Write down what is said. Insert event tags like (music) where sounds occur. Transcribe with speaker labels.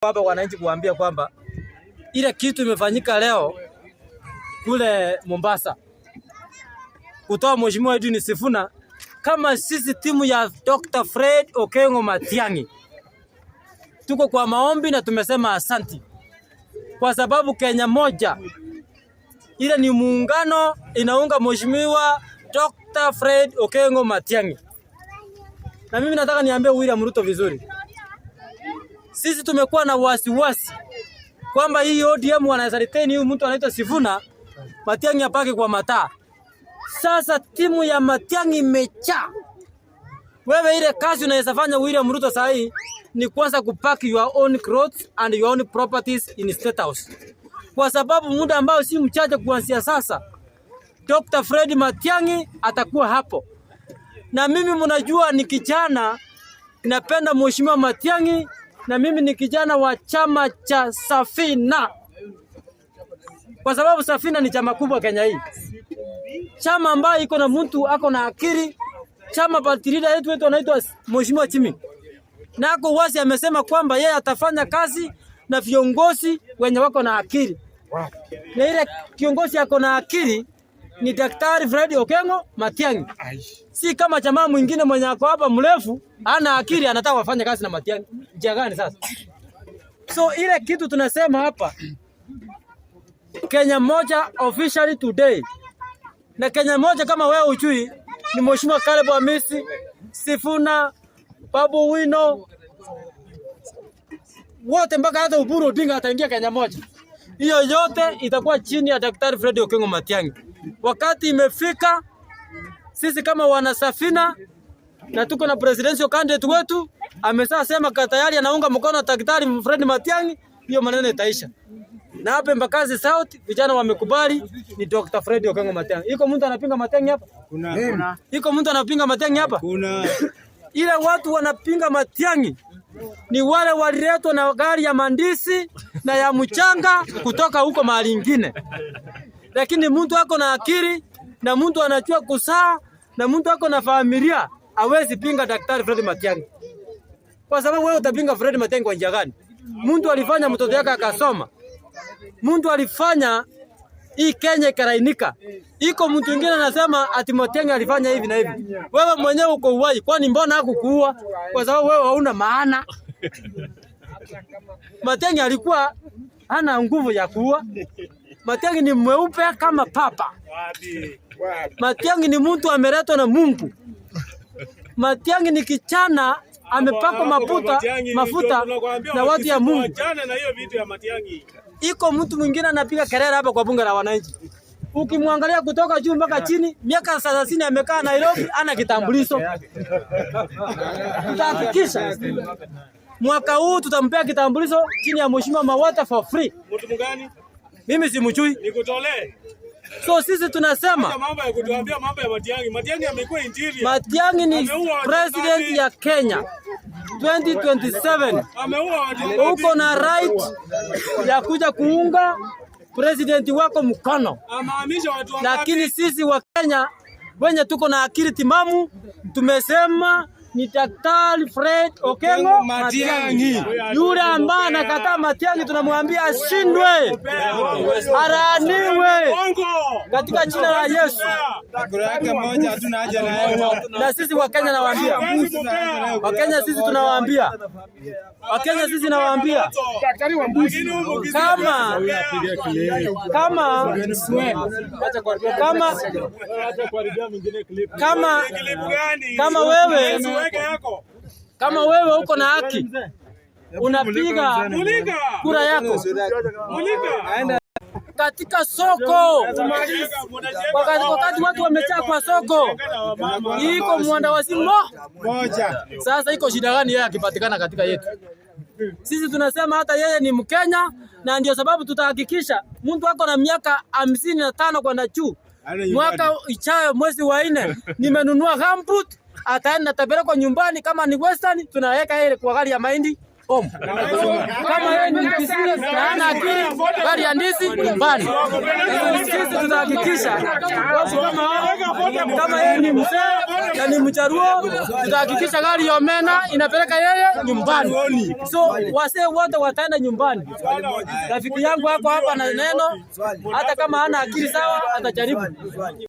Speaker 1: Hapa wananchi kuambia kwamba ile kitu imefanyika leo kule Mombasa kutoa mheshimiwa Edwin Sifuna, kama sisi timu ya Dr. Fred Okengo Matiang'i tuko kwa maombi na tumesema asanti, kwa sababu Kenya moja ile ni muungano inaunga mheshimiwa Dr. Fred Okengo Matiang'i. Na mimi nataka niambie William Ruto vizuri sisi tumekuwa na wasiwasi kwamba hii ODM wanaweza retain huyu mtu anaitwa Sifuna Matiang'i apake kwa mataa. Sasa timu ya Matiang'i imecha. Wewe ile kazi unaweza fanya William Ruto saa hii ni kwanza kupack your own clothes and your own properties in State House. Kwa sababu muda ambao si mchache kuanzia sasa Dr. Fred Matiang'i atakuwa hapo. Na mimi mnajua ni kijana napenda Mheshimiwa Matiang'i na mimi ni kijana wa chama cha Safina, kwa sababu Safina ni chama kubwa Kenya hii, chama ambayo iko na mtu ako na akili, chama patirida yetu wetu anaitwa Mheshimiwa Chimi na ako wasi amesema kwamba yeye atafanya kazi na viongozi wenye wako na akili, na ile kiongozi ako na akili ni Daktari Fred Okengo Matiang'i. Si kama jamaa mwingine mwenye ako hapa mrefu, ana akili anataka kufanya kazi na Matiang'i. Njia gani sasa? So ile kitu tunasema hapa Kenya moja officially today. Na Kenya moja kama wewe ujui ni Mheshimiwa Caleb Amisi, Sifuna, Babu Wino wote mpaka hata Uburu Odinga ataingia Kenya moja. Hiyo yote itakuwa chini ya Daktari Fred Okengo Matiang'i wakati imefika sisi kama wanasafina na tuko na presidential candidate wetu amesema sema tayari anaunga mkono Daktari Fred Matiang'i, hiyo maneno itaisha. Na hapa Mbakazi South vijana wamekubali ni Dr. Fred Okengo Matiang'i. Iko mtu anapinga Matiang'i hapa?
Speaker 2: Kuna.
Speaker 1: Iko mtu anapinga Matiang'i hapa? Kuna. Ile watu wanapinga Matiang'i ni wale waliletwa na gari ya mandisi na ya mchanga kutoka huko mahali ingine lakini mtu ako na akili na mtu anachua kusaa na mtu ako na familia hawezi pinga Daktari Fred Matiang'i. Kwa sababu wewe utapinga Fred Matiang'i kwa njia gani? Mtu alifanya mtoto yake akasoma. Mtu alifanya hii Kenya karainika. Iko mtu mwingine anasema ati Matiang'i alifanya hivi na hivi. Wewe mwenyewe uko uwai, kwani mbona hakukuua? Kwa sababu wewe hauna maana. (laughs) Matiang'i alikuwa hana nguvu ya kuua. Matiangi ni mweupe kama papa. Matiangi ni mtu ameletwa na Mungu. Matiangi ni kichana amepakwa mafuta mafuta na watu ya Mungu. Iko mtu mwingine anapiga kelele hapa kwa bunge la wananchi. Ukimwangalia kutoka juu mpaka chini, miaka 30 amekaa Nairobi, ana kitambulisho. Tutahakikisha mwaka huu tutampea kitambulisho chini ya mheshimiwa Mawata for free. Mtu mgani? Mimi si mchui.
Speaker 2: Nikutolee.
Speaker 1: So sisi tunasema mambo ya kutuambia mambo ya Matiang'i. Matiang'i amekuwa injili. Matiang'i ni president ya Kenya 2027. Ameua uko na right ya kuja kuunga president wako mkono, lakini sisi wa Kenya wenye tuko na akili timamu tumesema ni Daktari Fred Okengo Matiang'i. Yule ambaye anakataa Matiang'i tunamwambia ashindwe, araniwe katika jina la Yesu. Na sisi Wakenya nawaambia, Wakenya sisi tunawaambia, Wakenya sisi nawaambia kama kama kama kama kama wewe kama wewe uko na haki unapiga kura yako katika soko wakati, wakati watu wamejaa kwa soko, iko mwandawazimu moja. Sasa iko shida gani yeye akipatikana katika yetu? Sisi tunasema hata yeye ni Mkenya, na ndio sababu tutahakikisha mtu ako na miaka hamsini na tano kwenda juu, mwaka ichayo mwezi wa nne nimenunua gambut, ataenda kwa nyumbani. Kama ni western tunaweka ile kwa gari ya mahindi omu. Kama yeye ni serious na hana akili, bali ya ndizi mbali. Sisi tutahakikisha kama yeye ni mzee na ni mcharuo, tutahakikisha gari ya omena inapeleka yeye nyumbani. So wasee wote wataenda nyumbani. Rafiki yangu ako hapa na neno, hata kama ana akili sawa, atajaribu.